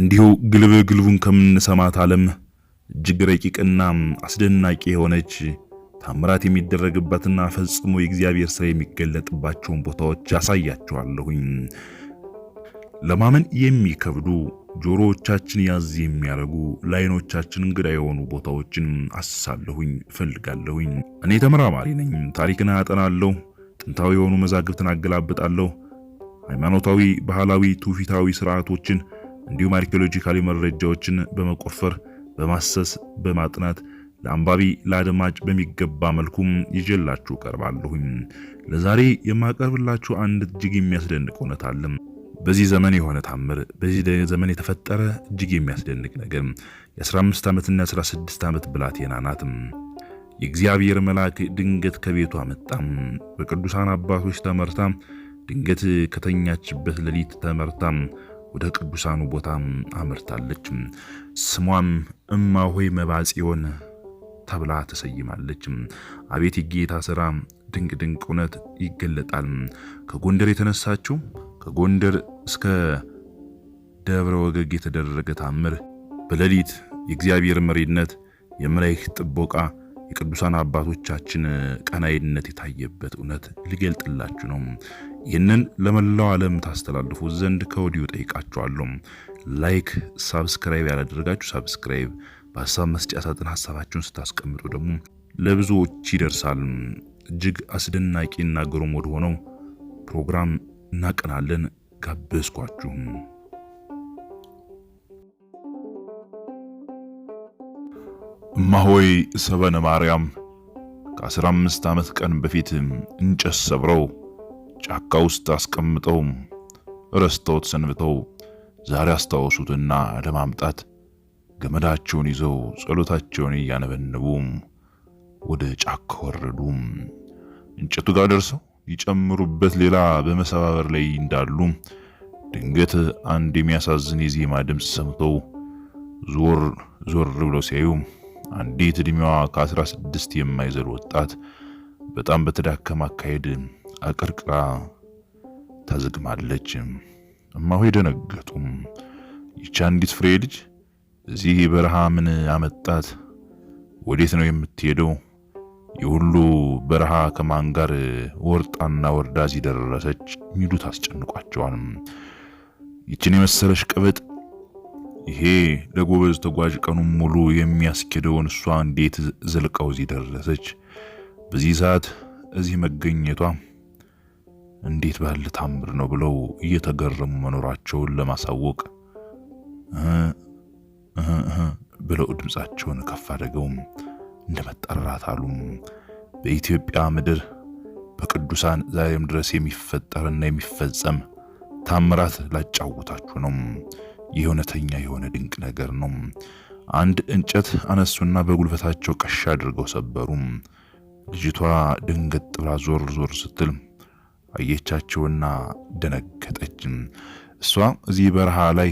እንዲሁ ግልብ ግልቡን ከምንሰማት ዓለም እጅግ ረቂቅና አስደናቂ የሆነች ታምራት የሚደረግበትና ፈጽሞ የእግዚአብሔር ሥራ የሚገለጥባቸውን ቦታዎች ያሳያችኋለሁኝ። ለማመን የሚከብዱ ጆሮዎቻችን ያዝ የሚያደርጉ ለአይኖቻችን እንግዳ የሆኑ ቦታዎችን አስሳለሁኝ እፈልጋለሁኝ። እኔ ተመራማሪ ነኝ። ታሪክን አያጠናለሁ፣ ጥንታዊ የሆኑ መዛግብትን አገላብጣለሁ። ሃይማኖታዊ፣ ባህላዊ፣ ትውፊታዊ ስርዓቶችን እንዲሁም አርኪኦሎጂካሊ መረጃዎችን በመቆፈር በማሰስ በማጥናት ለአንባቢ ለአድማጭ በሚገባ መልኩም ይዤላችሁ ቀርባለሁኝ። ለዛሬ የማቀርብላችሁ አንድ እጅግ የሚያስደንቅ እውነት አለ። በዚህ ዘመን የሆነ ታምር፣ በዚህ ዘመን የተፈጠረ እጅግ የሚያስደንቅ ነገር የ15 ዓመትና የ16 ዓመት ብላቴና ናት። የእግዚአብሔር መልአክ ድንገት ከቤቷ መጣም። በቅዱሳን አባቶች ተመርታ ድንገት ከተኛችበት ሌሊት ተመርታ ወደ ቅዱሳኑ ቦታም አምርታለች። ስሟም እማሆይ መባጽዮን ተብላ ተሰይማለች። አቤት የጌታ ስራ ድንቅ ድንቅ እውነት ይገለጣል። ከጎንደር የተነሳችው ከጎንደር እስከ ደብረ ወገግ የተደረገ ታምር በሌሊት የእግዚአብሔር መሪነት፣ የመላእክት ጥበቃ፣ የቅዱሳን አባቶቻችን ቀናይነት የታየበት እውነት ሊገልጥላችሁ ነው። ይህንን ለመላው ዓለም ታስተላልፉ ዘንድ ከወዲሁ ጠይቃችኋለሁ። ላይክ፣ ሳብስክራይብ ያላደረጋችሁ ሳብስክራይብ፣ በሀሳብ መስጫ ሳጥን ሀሳባችሁን ስታስቀምጡ ደግሞ ለብዙዎች ይደርሳል። እጅግ አስደናቂ እና ግሩም ወደ ሆነው ፕሮግራም እናቀናለን። ጋበዝኳችሁም። እማሆይ ሰበነ ማርያም ከ15 ዓመት ቀን በፊት እንጨት ሰብረው ጫካ ውስጥ አስቀምጠው ረስተውት ሰንብተው ዛሬ አስታወሱትና ለማምጣት ገመዳቸውን ይዘው ጸሎታቸውን እያነበነቡ ወደ ጫካ ወረዱ። እንጨቱ ጋር ደርሰው ይጨምሩበት ሌላ በመሰባበር ላይ እንዳሉ ድንገት አንድ የሚያሳዝን የዜማ ድምፅ ሰምተው ዞር ዞር ብለው ሲያዩ አንዲት እድሜዋ ከ16 የማይዘል ወጣት በጣም በተዳከመ አካሄድ አቀርቅራ ታዝግማለች እማሆይ ደነገጡም። ይቺ አንዲት ፍሬ ልጅ እዚህ በረሃ ምን አመጣት? ወዴት ነው የምትሄደው? የሁሉ በረሃ ከማን ጋር ወርጣና ወርዳ እዚህ ደረሰች? ሚሉት አስጨንቋቸዋል። ይችን የመሰለሽ ቅበጥ ይሄ ለጎበዝ ተጓዥ ቀኑን ሙሉ የሚያስኬደውን እሷ እንዴት ዘልቀው እዚህ ደረሰች? በዚህ ሰዓት እዚህ መገኘቷ እንዴት ባለ ታምር ነው ብለው እየተገረሙ መኖራቸውን ለማሳወቅ ብለው ድምፃቸውን ከፍ አድርገውም እንደ መጠራት አሉም። በኢትዮጵያ ምድር በቅዱሳን ዛሬም ድረስ የሚፈጠርና የሚፈጸም ታምራት ላጫውታችሁ ነው። ይህ እውነተኛ የሆነ ድንቅ ነገር ነው። አንድ እንጨት አነሱና በጉልበታቸው ቀሻ አድርገው ሰበሩ። ልጅቷ ድንገት ጥብራ ዞር ዞር ስትል አየቻቸውና ደነገጠችም። እሷ እዚህ በረሃ ላይ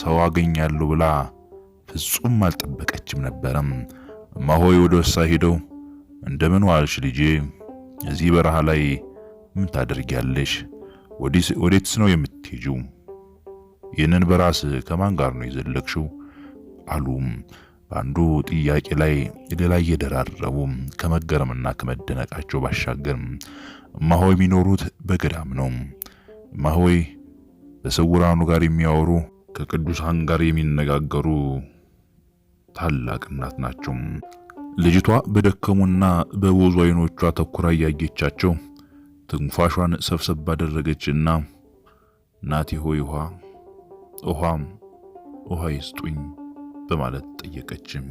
ሰው አገኛለሁ ብላ ፍጹም አልጠበቀችም ነበረም። እማሆይ ወደ እሷ ሄደው እንደምን ዋልሽ ልጄ፣ እዚህ በረሃ ላይ ምን ታደርጊያለሽ? ወዴትስ ነው የምትሄጂው? ይህንን በራስ ከማን ጋር ነው የዘለቅሽው? አሉም በአንዱ ጥያቄ ላይ ሌላ እየደራረቡ ከመገረምና ከመደነቃቸው ባሻገርም። እማሆይ የሚኖሩት በገዳም ነው። ማሆይ ከስውራኑ ጋር የሚያወሩ ከቅዱሳን ጋር የሚነጋገሩ ታላቅ እናት ናቸው። ልጅቷ በደከሙና በቦዙ አይኖቿ ተኩራ እያየቻቸው ትንፋሿን ሰብሰብ ባደረገችና እናቴ ሆይ ውሃ ውሃም ውሃ ይስጡኝ በማለት ጠየቀችም።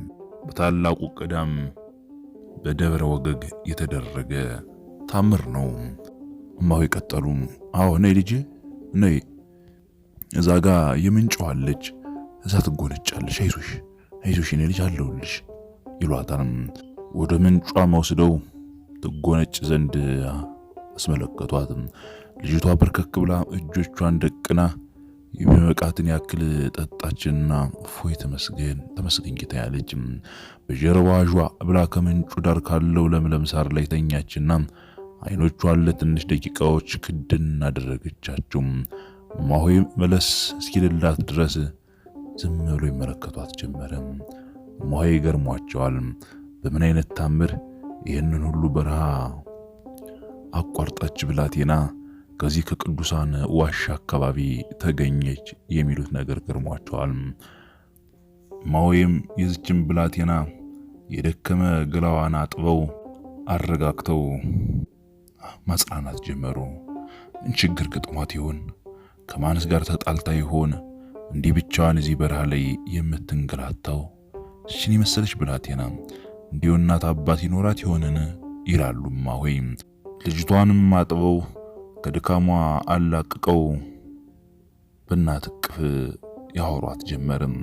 በታላቁ ቀዳም በደብረ ወገግ የተደረገ ታምር ነው። እማሆይ ቀጠሉ። አዎ ነይ ልጄ ነይ፣ እዛ ጋ የምንጨዋለች እዛ ትጎነጫለሽ። አይዞሽ አይዞሽ እኔ ልጅ አለሁልሽ ይሏታልም። ወደ ምንጯም ወስደው ትጎነጭ ዘንድ አስመለከቷት። ልጅቷ በርከክ ብላ እጆቿን ደቅና የሚመቃትን ያክል ጠጣችና ፎይ ተመስገን ተመስገን ጌታ ያለች። በጀርባዋ ብላ ከምንጩ ዳር ካለው ለምለም ሳር ላይ ተኛችና አይኖቿን ለትንሽ ደቂቃዎች ክድን አደረገቻቸው። ማሆይ መለስ እስኪልላት ድረስ ዝም ብሎ ይመለከቷት ጀመረ። ማሆይ ገርሟቸዋል። በምን አይነት ታምር ይህንን ሁሉ በረሃ አቋርጣች ብላቴና ከዚህ ከቅዱሳን ዋሻ አካባቢ ተገኘች የሚሉት ነገር ገርሟቸዋል። ማሆይም የዚችን ብላቴና የደከመ ገላዋን አጥበው አረጋግተው ማጽናናት ጀመሩ። ምን ችግር ገጥሟት ይሆን? ከማንስ ጋር ተጣልታ ይሆን? እንዲህ ብቻዋን እዚህ በረሃ ላይ የምትንገላታው እችን የመሰለች ብላቴና እንዲሁ እናት አባት ይኖራት ይሆንን? ይላሉማ ሆይ ልጅቷንም አጥበው ከድካሟ አላቅቀው በእናት እቅፍ ያወሯት ጀመርም።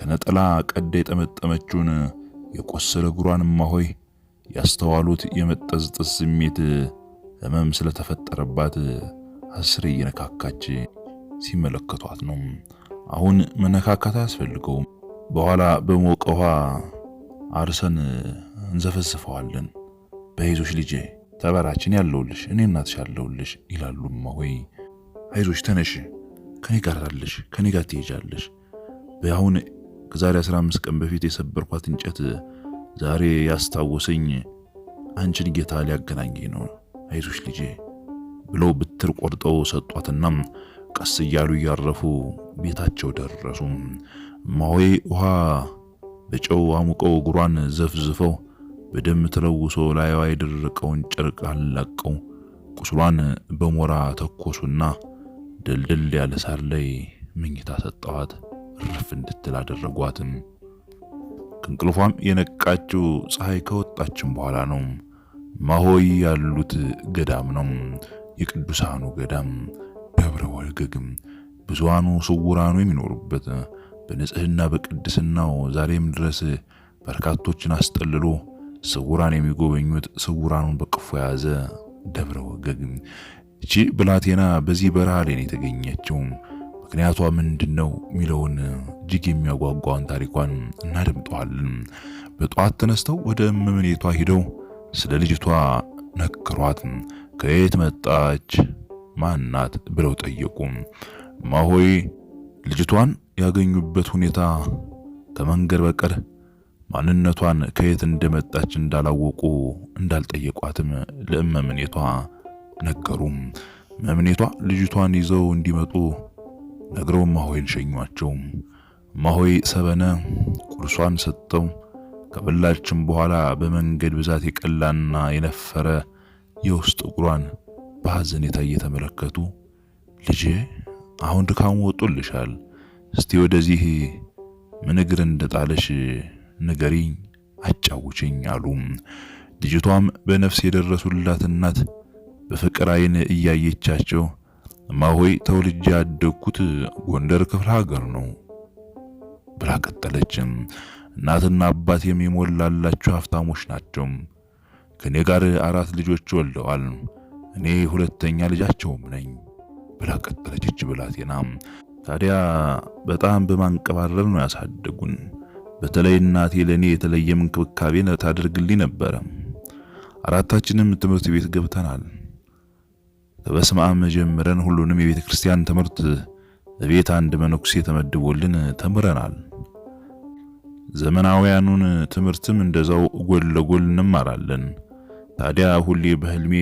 ከነጠላ ቀዳ የጠመጠመችውን የቆሰለ እግሯንማ ሆይ ያስተዋሉት የመጠዝጠዝ ስሜት ህመም ስለተፈጠረባት አስሬ እየነካካች ሲመለከቷት ነው። አሁን መነካካት አያስፈልገውም፣ በኋላ በሞቀ ውሃ አርሰን እንዘፈዝፈዋለን። በይዞሽ ልጄ ተበራችን ያለውልሽ እኔ እናትሽ ያለውልሽ ይላሉ ወይ አይዞሽ፣ ተነሽ፣ ከኔ ጋር ከኔ ጋር ትሄጃለሽ። በአሁን ከዛሬ 15 ቀን በፊት የሰበርኳት እንጨት ዛሬ ያስታወሰኝ አንቺን ጌታ ሊያገናኘኝ ነው። አይዞሽ ልጄ ብለው ብትር ቆርጠው ሰጧትና ቀስ እያሉ እያረፉ ቤታቸው ደረሱ። ማዌ ውሃ በጨው አሙቀው እግሯን ዘፍዝፈው በደም ተለውሶ ላይዋ የደረቀውን ጨርቅ አላቀው ቁስሏን በሞራ ተኮሱና ድልድል ያለ ሳር ላይ መኝታ ሰጠዋት። እርፍ እንድትል አደረጓትም። ከእንቅልፏም የነቃችው ፀሐይ ከወጣችም በኋላ ነው። ማሆይ ያሉት ገዳም ነው። የቅዱሳኑ ገዳም ደብረ ወልገግም ብዙሃኑ ስውራኑ የሚኖሩበት በንጽህና በቅድስናው ዛሬም ድረስ በርካቶችን አስጠልሎ ስውራን የሚጎበኙት ስውራኑን በቅፎ የያዘ ደብረ ወገግ። እቺ ብላቴና በዚህ በረሃ ላይ ነው የተገኘችው። ምክንያቷ ምንድን ነው የሚለውን እጅግ የሚያጓጓን ታሪኳን እናደምጠዋለን። በጠዋት ተነስተው ወደ እመምኔቷ ሂደው ስለ ልጅቷ ነክሯት፣ ከየት መጣች ማናት ብለው ጠየቁ። ማሆይ ልጅቷን ያገኙበት ሁኔታ ከመንገድ በቀር ማንነቷን ከየት እንደመጣች እንዳላወቁ እንዳልጠየቋትም ለእመምኔቷ ነገሩ። መምኔቷ ልጅቷን ይዘው እንዲመጡ ነግረው ማሆይን ሸኟቸው። ማሆይ ሰበነ ቁርሷን ሰጠው። ከበላችም በኋላ በመንገድ ብዛት የቀላና የነፈረ የውስጥ እግሯን በሐዘኔታ እየተመለከቱ ልጄ አሁን ድካሙ ወጡልሻል፣ እስቲ ወደዚህ ምን እግር እንደጣለሽ ንገሪኝ፣ አጫውችኝ አሉ። ልጅቷም በነፍስ የደረሱላት እናት በፍቅር አይን እያየቻቸው እማሆይ ተወልጄ ያደግኩት ጎንደር ክፍለ ሀገር ነው ብላ ቀጠለችም። እናትና አባት የሚሞላላቸው ሀብታሞች ናቸው። ከኔ ጋር አራት ልጆች ወልደዋል። እኔ ሁለተኛ ልጃቸውም ነኝ ብላ ቀጠለች። ብላቴና ታዲያ በጣም በማንቀባረር ነው ያሳደጉን። በተለይ እናቴ ለእኔ የተለየም እንክብካቤ ታደርግልኝ ነበረ። አራታችንም ትምህርት ቤት ገብተናል። ከበስማም ጀምረን ሁሉንም የቤተ ክርስቲያን ትምህርት ቤት አንድ መነኩሴ ተመድቦልን ተምረናል። ዘመናውያኑን ትምህርትም እንደዛው ጎን ለጎን እንማራለን። ታዲያ ሁሌ በህልሜ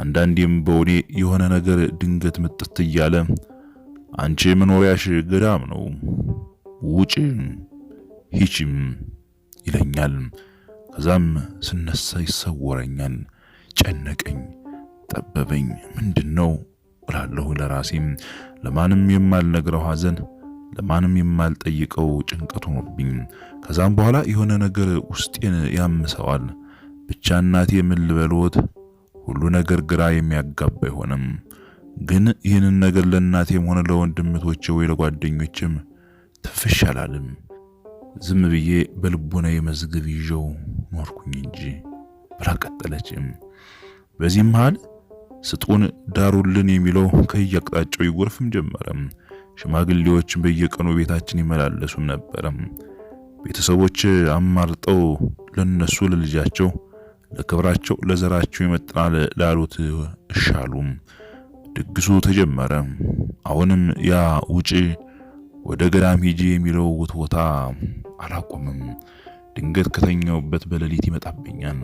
አንዳንዴም በውኔ የሆነ ነገር ድንገት ምጥት እያለ አንቺ መኖሪያሽ ገዳም ነው ውጪ ሂጂም ይለኛል። ከዛም ስነሳ ይሰወረኛል። ጨነቀኝ፣ ጠበበኝ። ምንድነው እላለሁ ለራሴም። ለማንም የማልነግረው ሐዘን ለማንም የማልጠይቀው ጭንቀት ሆኖብኝ፣ ከዛም በኋላ የሆነ ነገር ውስጤን ያምሰዋል። ብቻ እናቴ ምን ሁሉ ነገር ግራ የሚያጋባ አይሆንም። ግን ይህንን ነገር ለእናቴም ሆነ ለወንድምቶቼ ወይ ለጓደኞችም ትፍሽ አላልም። ዝም ብዬ በልቦና የመዝግብ ይዤው ኖርኩኝ እንጂ ብላ ቀጠለችም። በዚህ መሃል ስጡን ዳሩልን የሚለው ከየአቅጣጫው ይጎርፍም ጀመረም። ሽማግሌዎችን በየቀኑ ቤታችን ይመላለሱም ነበረም። ቤተሰቦች አማርጠው ለነሱ ለልጃቸው ለክብራቸው ለዘራቸው ይመጥናል ላሉት እሻሉም። ድግሱ ተጀመረ። አሁንም ያ ውጪ ወደ ገዳም ሂጂ የሚለው ውትወታ አላቆምም። ድንገት ከተኛውበት በሌሊት ይመጣብኛል።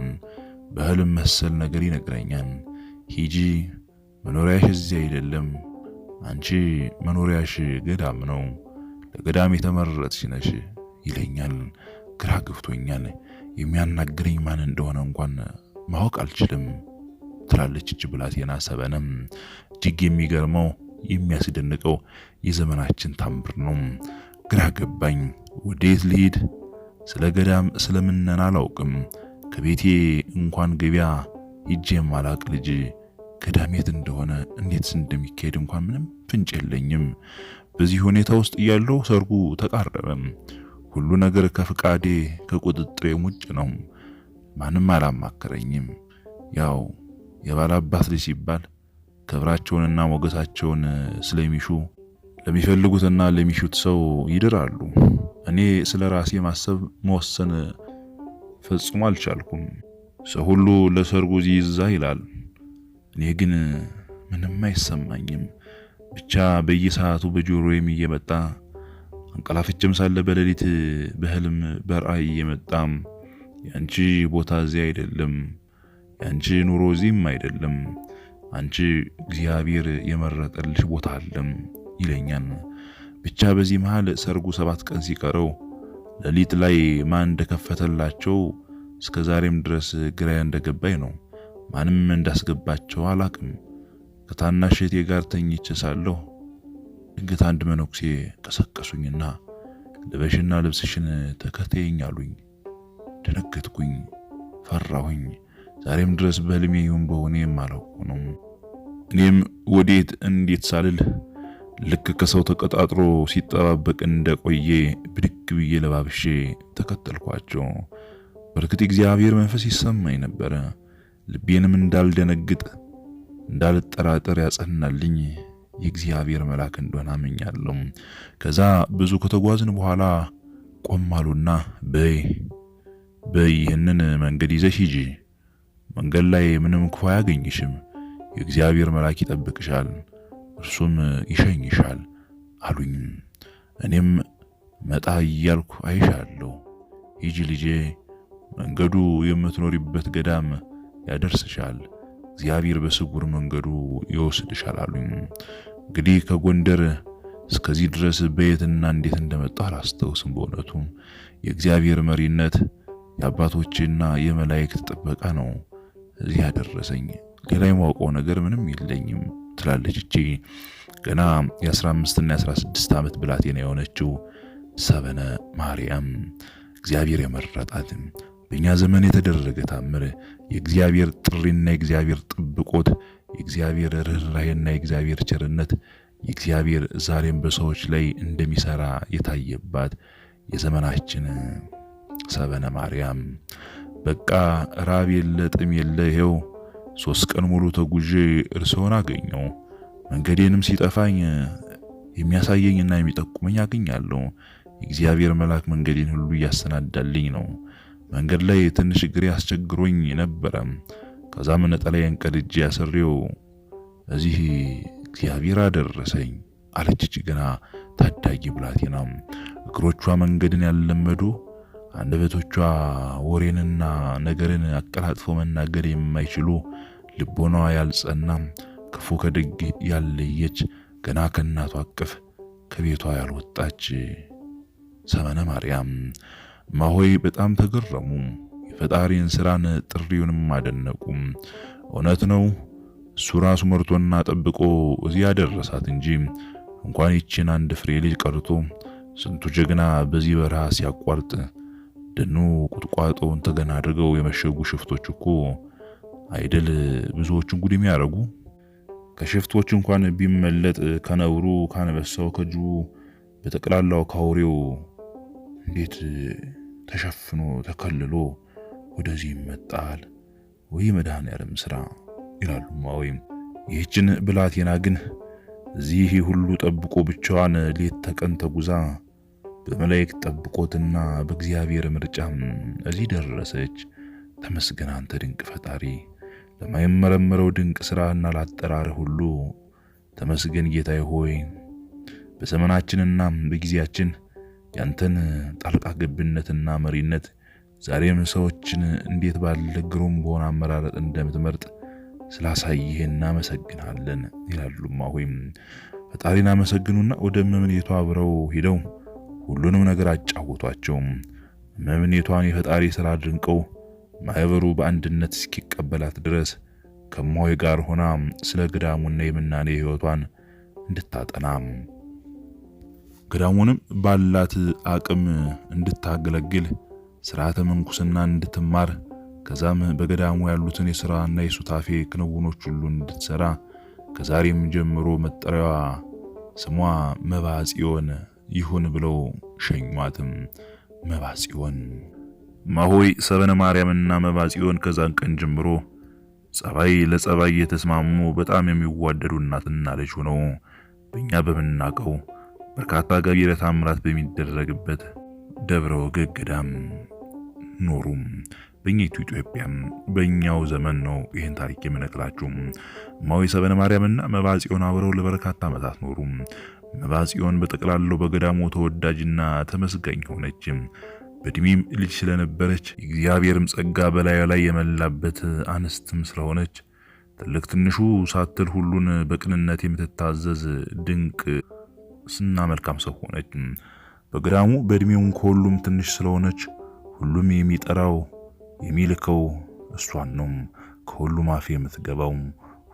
በህልም መሰል ነገር ይነግረኛል። ሂጂ መኖሪያሽ እዚህ አይደለም አንቺ መኖሪያሽ ገዳም ነው፣ ለገዳም የተመረጥሽ ነሽ ይለኛል። ግራ ገብቶኛል። የሚያናግረኝ ማን እንደሆነ እንኳን ማወቅ አልችልም ትላለች እጅ ብላቴና ሰበነም። እጅግ የሚገርመው የሚያስደንቀው የዘመናችን ታምር ነው። ግራ ገባኝ። ወዴት ልሂድ? ስለ ገዳም ስለምነን አላውቅም። ከቤቴ እንኳን ገቢያ ሂጄ አላቅ ልጅ ገዳም የት እንደሆነ እንዴትስ እንደሚካሄድ እንኳን ምንም ፍንጭ የለኝም። በዚህ ሁኔታ ውስጥ እያለሁ ሰርጉ ተቃረበም። ሁሉ ነገር ከፍቃዴ ከቁጥጥሬም ውጭ ነው። ማንም አላማከረኝም። ያው የባላባት ልጅ ሲባል ክብራቸውንና ሞገሳቸውን ስለሚሹ ለሚፈልጉትና ለሚሹት ሰው ይድራሉ። እኔ ስለ ራሴ ማሰብ መወሰን ፈጽሞ አልቻልኩም። ሰው ሁሉ ለሰርጉ ዚይዛ ይላል። እኔ ግን ምንም አይሰማኝም። ብቻ በየሰዓቱ በጆሮዬም እየመጣ አንቀላፍቼም ሳለ በሌሊት በህልም በራእይ እየመጣም የአንቺ ቦታ እዚህ አይደለም፣ የአንቺ ኑሮ እዚህም አይደለም፣ አንቺ እግዚአብሔር የመረጠልሽ ቦታ አለም ይለኛል። ብቻ በዚህ መሃል ሰርጉ ሰባት ቀን ሲቀረው ሌሊት ላይ ማን እንደከፈተላቸው እስከ ዛሬም ድረስ ግራ እንደገባኝ ነው። ማንም እንዳስገባቸው አላቅም። ከታናሽ እህቴ ጋር ተኝቼ ሳለሁ ድንገት አንድ መነኩሴ ቀሰቀሱኝና ልበሽና ልብስሽን ተከተይኝ አሉኝ። ደነገጥኩኝ፣ ፈራሁኝ። ዛሬም ድረስ በህልሜ ይሁን በሆኔ አላውቀው ነው። እኔም ወዴት እንዴት ሳልል ልክ ከሰው ተቀጣጥሮ ሲጠባበቅ እንደቆየ ብድግ ብዬ ለባብሼ ተከተልኳቸው። በእርግጥ እግዚአብሔር መንፈስ ይሰማኝ ነበረ። ልቤንም እንዳልደነግጥ እንዳልጠራጠር ያጸናልኝ የእግዚአብሔር መልአክ እንደሆነ አምኛለሁ። ከዛ ብዙ ከተጓዝን በኋላ ቆም አሉና በይ በይ ይህንን መንገድ ይዘሽ ሂጂ፣ መንገድ ላይ ምንም ክፉ አያገኝሽም፣ የእግዚአብሔር መልአክ ይጠብቅሻል፣ እርሱም ይሸኝሻል አሉኝ። እኔም መጣ እያልኩ አይሻለሁ፣ ሂጂ ልጄ መንገዱ የምትኖሪበት ገዳም ያደርስሻል፣ እግዚአብሔር በስውር መንገዱ ይወስድሻል አሉኝ። እንግዲህ ከጎንደር እስከዚህ ድረስ በየትና እንዴት እንደመጣ አላስታውስም። በእውነቱ የእግዚአብሔር መሪነት የአባቶችና የመላእክት ጥበቃ ነው እዚህ ያደረሰኝ። ሌላ የማውቀው ነገር ምንም የለኝም ትላለች እቺ ገና የ15 እና የ16 ዓመት ብላቴና የሆነችው ሰበነ ማርያም እግዚአብሔር የመረጣት በእኛ ዘመን የተደረገ ታምር የእግዚአብሔር ጥሪና የእግዚአብሔር ጥብቆት፣ የእግዚአብሔር ርኅራሄና የእግዚአብሔር ቸርነት፣ የእግዚአብሔር ዛሬም በሰዎች ላይ እንደሚሰራ የታየባት የዘመናችን ሰበነ ማርያም በቃ ራብ የለ ጥም የለ ይሄው ሶስት ቀን ሙሉ ተጉዤ እርስዎን አገኘው። መንገዴንም ሲጠፋኝ የሚያሳየኝና የሚጠቁመኝ አገኛለሁ። የእግዚአብሔር መልአክ መንገዴን ሁሉ እያሰናዳልኝ ነው። መንገድ ላይ ትንሽ እግሬ አስቸግሮኝ ነበረ። ከዛም ነጠላዬን ቀድጄ ያሰሬው እዚህ እግዚአብሔር አደረሰኝ አለችች ገና ታዳጊ ብላቴናም። እግሮቿ መንገድን ያልለመዱ አንደበቶቿ ወሬንና ነገርን አቀላጥፎ መናገር የማይችሉ ልቦናዋ ያልጸና ክፉ ከደግ ያለየች ገና ከእናቷ አቅፍ ከቤቷ ያልወጣች ሰመነ ማርያም ማሆይ በጣም ተገረሙ። የፈጣሪን ስራን ጥሪውንም አደነቁም። እውነት ነው እሱ ራሱ መርቶና ጠብቆ እዚህ ያደረሳት እንጂ እንኳን ይችን አንድ ፍሬ ልጅ ቀርቶ ስንቱ ጀግና በዚህ በረሃ ሲያቋርጥ ደኑ ቁጥቋጦውን ተገና አድርገው የመሸጉ ሽፍቶች እኮ አይደል ብዙዎችን ጉድ የሚያደርጉ ከሽፍቶች እንኳን ቢመለጥ ከነብሩ ካነበሳው ከጅቡ በጠቅላላው ካውሬው እንዴት ተሸፍኖ ተከልሎ ወደዚህ ይመጣል ወይ መድኃኔ ዓለም ስራ ይላሉማ። ወይም ይህችን ብላቴና ግን እዚህ ሁሉ ጠብቆ ብቻዋን ሌት ተቀን ተጉዛ በመላእክት ጠብቆትና በእግዚአብሔር ምርጫም እዚህ ደረሰች። ተመስገን አንተ ድንቅ ፈጣሪ፣ ለማይመረመረው ድንቅ ስራና ላጠራር ሁሉ ተመስገን ጌታዬ ሆይ በዘመናችንና በጊዜያችን ያንተን ጣልቃ ገብነትና መሪነት ዛሬም ሰዎችን እንዴት ባለ ግሩም በሆነ አመራረጥ እንደምትመርጥ ስላሳይህ እናመሰግናለን ይላሉ። አሁም ፈጣሪን አመሰግኑና ወደ መምኔቱ አብረው ሂደው ሁሉንም ነገር አጫወቷቸው። መምኔቷን የፈጣሪ ስራ አድንቀው ማህበሩ በአንድነት እስኪቀበላት ድረስ ከማሆይ ጋር ሆና ስለ የምናኔ ህይወቷን እንድታጠናም ገዳሙንም ባላት አቅም እንድታገለግል ስርዓተ ምንኩስና እንድትማር ከዛም በገዳሙ ያሉትን የሥራና የሱታፌ ክንውኖች ሁሉ እንድትሰራ ከዛሬም ጀምሮ መጠሪያዋ ስሟ መባጽዮን ይሁን ብለው ሸኟትም። መባጽዮን ማሆይ ሰበነ ማርያምና መባጽዮን ከዛን ቀን ጀምሮ ጸባይ ለጸባይ የተስማሙ በጣም የሚዋደዱ እናትና ልጅ ሆነው በእኛ በምናቀው በርካታ ገቢረ ተአምራት በሚደረግበት ደብረ ወገግ ገዳም ኖሩም። በኛቱ ኢትዮጵያም በእኛው ዘመን ነው ይህን ታሪክ የምነግራችሁ። እማዊ ሰበነ ማርያምና መባ ጽዮን አብረው ለበርካታ ዓመታት ኖሩ። መባ ጽዮን በጠቅላላው በገዳሙ ተወዳጅና ተመስጋኝ ሆነች። በእድሜም ልጅ ስለነበረች እግዚአብሔርም ጸጋ በላዩ ላይ የመላበት አንስትም ስለሆነች ትልቅ ትንሹ ሳትል ሁሉን በቅንነት የምትታዘዝ ድንቅ ስና መልካም ሰው ሆነች። በግራሙ በእድሜውን ከሁሉም ትንሽ ስለሆነች ሁሉም የሚጠራው የሚልከው እሷን ነው። ከሁሉም አፍ የምትገባው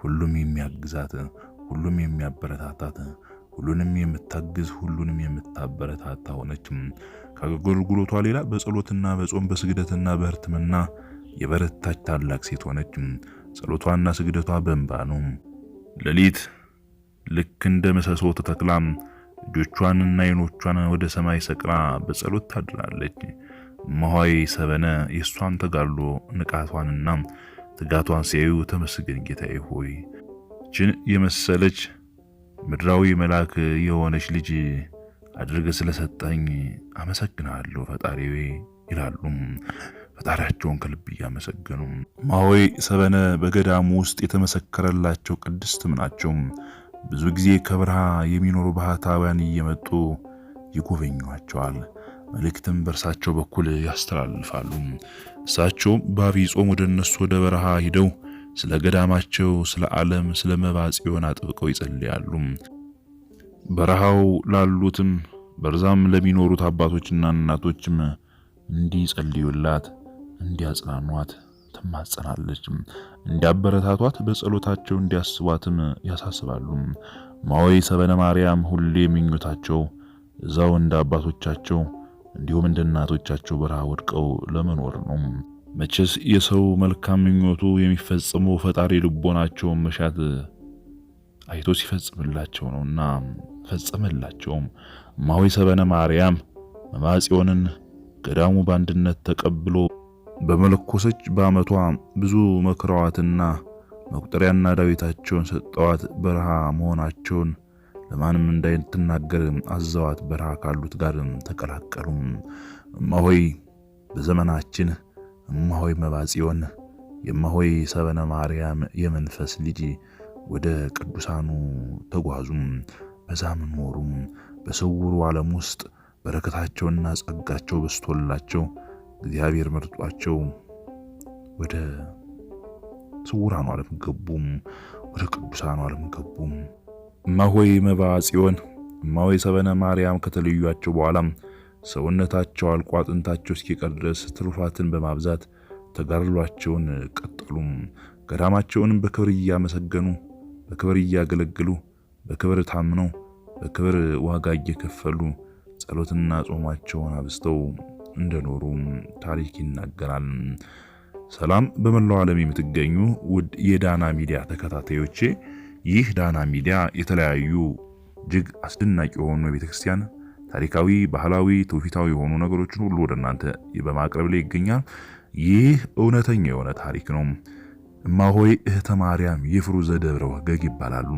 ሁሉም የሚያግዛት፣ ሁሉም የሚያበረታታት፣ ሁሉንም የምታግዝ፣ ሁሉንም የምታበረታታ ሆነች። ከአገልግሎቷ ሌላ በጸሎትና በጾም በስግደትና በህርትምና የበረታች ታላቅ ሴት ሆነች። ጸሎቷና ስግደቷ በእንባ ነው። ሌሊት ልክ እንደ ምሰሶ ተተክላም እጆቿንና አይኖቿን ወደ ሰማይ ሰቅላ በጸሎት ታድራለች። መሐዊ ሰበነ የእሷን ተጋድሎ ንቃቷንና ትጋቷን ሲያዩ ተመስገን ጌታዬ ሆይ ችን የመሰለች ምድራዊ መልአክ የሆነች ልጅ አድርገ ስለሰጠኝ አመሰግናለሁ ፈጣሪ ይላሉም ፈጣሪያቸውን ከልብ እያመሰገኑ ማሆይ ሰበነ በገዳሙ ውስጥ የተመሰከረላቸው ቅድስትም ናቸው። ብዙ ጊዜ ከበረሃ የሚኖሩ ባህታውያን እየመጡ ይጎበኟቸዋል። መልእክትም በእርሳቸው በኩል ያስተላልፋሉ። እሳቸውም በአብይ ጾም ወደ እነሱ ወደ በረሃ ሂደው ስለ ገዳማቸው፣ ስለ ዓለም፣ ስለ መባጽዮን አጥብቀው ይጸልያሉ። በረሃው ላሉትም በርዛም ለሚኖሩት አባቶችና እናቶችም እንዲጸልዩላት እንዲያጽናኗት ትማጸናለች። እንዲያበረታቷት በጸሎታቸው እንዲያስቧትም ያሳስባሉ። ማወይ ሰበነ ማርያም ሁሌ ምኞታቸው እዛው እንደ አባቶቻቸው እንዲሁም እንደ እናቶቻቸው በረሃ ወድቀው ለመኖር ነው። መቼስ የሰው መልካም ምኞቱ የሚፈጽመው ፈጣሪ ልቦናቸውን መሻት አይቶ ሲፈጽምላቸው እና ፈጸመላቸውም። ማወይ ሰበነ ማርያም መማጽዮንን ገዳሙ በአንድነት ተቀብሎ በመለኮሰች በዓመቷ ብዙ መክረዋትና መቁጠሪያና ዳዊታቸውን ሰጠዋት። በረሃ መሆናቸውን ለማንም እንዳትናገር አዘዋት። በረሃ ካሉት ጋር ተቀላቀሉ። እማሆይ በዘመናችን እማሆይ መባጽዮን የማሆይ ሰበነ ማርያም የመንፈስ ልጅ ወደ ቅዱሳኑ ተጓዙም። በዛምን ወሩም በስውሩ ዓለም ውስጥ በረከታቸውና ጸጋቸው በስቶላቸው እግዚአብሔር መርጧቸው ወደ ስውራኑ ዓለም ገቡም፣ ወደ ቅዱሳኑ ዓለም ገቡም። እማሆይ መባ ጽዮን እማሆይ ሰበነ ማርያም ከተለዩአቸው በኋላም ሰውነታቸው አልቆ አጥንታቸው እስኪቀር ድረስ ትሩፋትን በማብዛት ተጋድሏቸውን ቀጠሉም። ገዳማቸውንም በክብር እያመሰገኑ በክብር እያገለገሉ በክብር ታምነው በክብር ዋጋ እየከፈሉ ጸሎትና ጾማቸውን አብዝተው እንደኖሩ ታሪክ ይናገራል። ሰላም በመላው ዓለም የምትገኙ ውድ የዳና ሚዲያ ተከታታዮቼ፣ ይህ ዳና ሚዲያ የተለያዩ እጅግ አስደናቂ የሆኑ የቤተ ክርስቲያን ታሪካዊ፣ ባህላዊ፣ ትውፊታዊ የሆኑ ነገሮችን ሁሉ ወደ እናንተ በማቅረብ ላይ ይገኛል። ይህ እውነተኛ የሆነ ታሪክ ነው። እማሆይ እህተ ማርያም ይፍሩ ዘደብረ ወገግ ይባላሉ።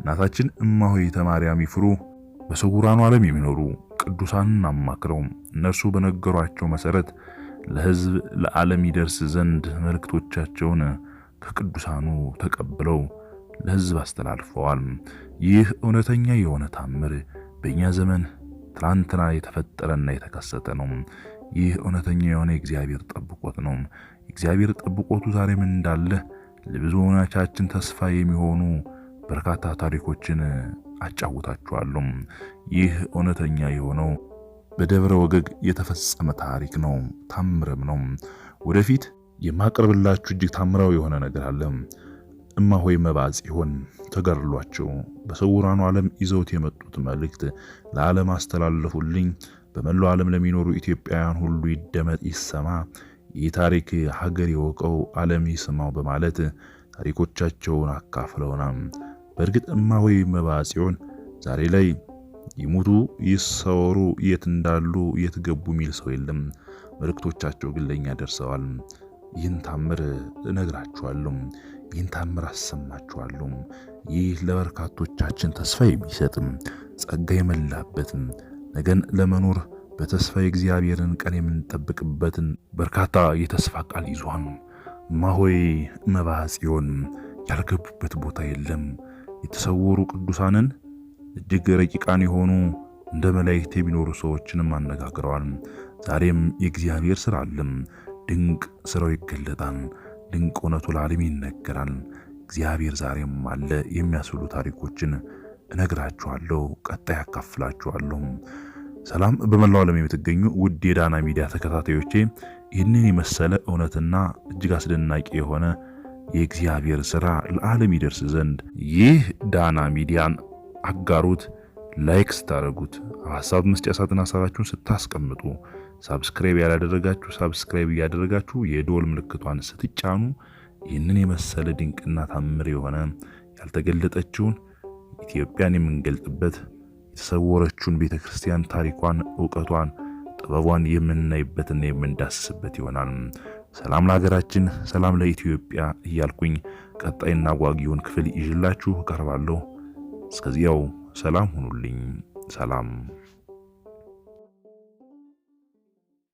እናታችን እማሆይ እህተ ማርያም ይፍሩ በስውራኑ ዓለም የሚኖሩ ቅዱሳንን አማክረው እነርሱ በነገሯቸው መሰረት ለሕዝብ ለዓለም ይደርስ ዘንድ መልእክቶቻቸውን ከቅዱሳኑ ተቀብለው ለሕዝብ አስተላልፈዋል። ይህ እውነተኛ የሆነ ታምር በእኛ ዘመን ትላንትና የተፈጠረና የተከሰተ ነው። ይህ እውነተኛ የሆነ የእግዚአብሔር ጠብቆት ነው። እግዚአብሔር ጠብቆቱ ዛሬም እንዳለ ሆናቻችን ተስፋ የሚሆኑ በርካታ ታሪኮችን አጫውታችኋለሁ። ይህ እውነተኛ የሆነው በደብረ ወገግ የተፈጸመ ታሪክ ነው፣ ታምርም ነው። ወደፊት የማቀርብላችሁ እጅግ ታምራዊ የሆነ ነገር አለ። እማሆይ ይሆን ተገድሏቸው በስውራኑ ዓለም ይዘውት የመጡት መልእክት ለዓለም አስተላለፉልኝ። በመላው ዓለም ለሚኖሩ ኢትዮጵያውያን ሁሉ ይደመጥ፣ ይሰማ። ይህ ታሪክ ሀገር ይወቀው፣ ዓለም ይስማው በማለት ታሪኮቻቸውን አካፍለውናል። በእርግጥ እማሆይ ጽዮን ዛሬ ላይ ይሙቱ ይሰወሩ የት እንዳሉ የት ገቡ የሚል ሰው የለም። መልእክቶቻቸው ግን ለእኛ ደርሰዋል። ይህን ታምር እነግራችኋለሁ፣ ይህን ታምር አሰማችኋለሁ። ይህ ለበርካቶቻችን ተስፋ የሚሰጥም ጸጋ የመላበትም ነገን ለመኖር በተስፋ የእግዚአብሔርን ቀን የምንጠብቅበትን በርካታ የተስፋ ቃል ማሆይ መባ ጽዮን ያልገቡበት ቦታ የለም። የተሰወሩ ቅዱሳንን እጅግ ረቂቃን የሆኑ እንደ መላእክት የሚኖሩ ሰዎችንም አነጋግረዋል። ዛሬም የእግዚአብሔር ስራ አለም ድንቅ ስራው ይገለጣል። ድንቅ እውነቱ ለዓለም ይነገራል። እግዚአብሔር ዛሬም አለ የሚያስብሉ ታሪኮችን እነግራችኋለሁ፣ ቀጣይ ያካፍላችኋለሁ። ሰላም በመላው ዓለም የምትገኙ ውድ የዳና ሚዲያ ተከታታዮቼ ይህንን የመሰለ እውነትና እጅግ አስደናቂ የሆነ የእግዚአብሔር ሥራ ለዓለም ይደርስ ዘንድ ይህ ዳና ሚዲያን አጋሩት፣ ላይክ ስታደርጉት፣ ሐሳብ መስጫ ሳጥን ሐሳባችሁን ስታስቀምጡ፣ ሳብስክራይብ ያላደረጋችሁ ሳብስክራይብ እያደረጋችሁ የዶል ምልክቷን ስትጫኑ ይህንን የመሰለ ድንቅና ታምር የሆነ ያልተገለጠችውን ኢትዮጵያን የምንገልጥበት የተሰወረችውን ቤተ ክርስቲያን ታሪኳን፣ እውቀቷን፣ ጥበቧን የምናይበትና የምንዳስስበት ይሆናል። ሰላም ለሀገራችን፣ ሰላም ለኢትዮጵያ እያልኩኝ ቀጣይና ጓጊውን ክፍል ይዤላችሁ ቀርባለሁ። እስከዚያው ሰላም ሁኑልኝ። ሰላም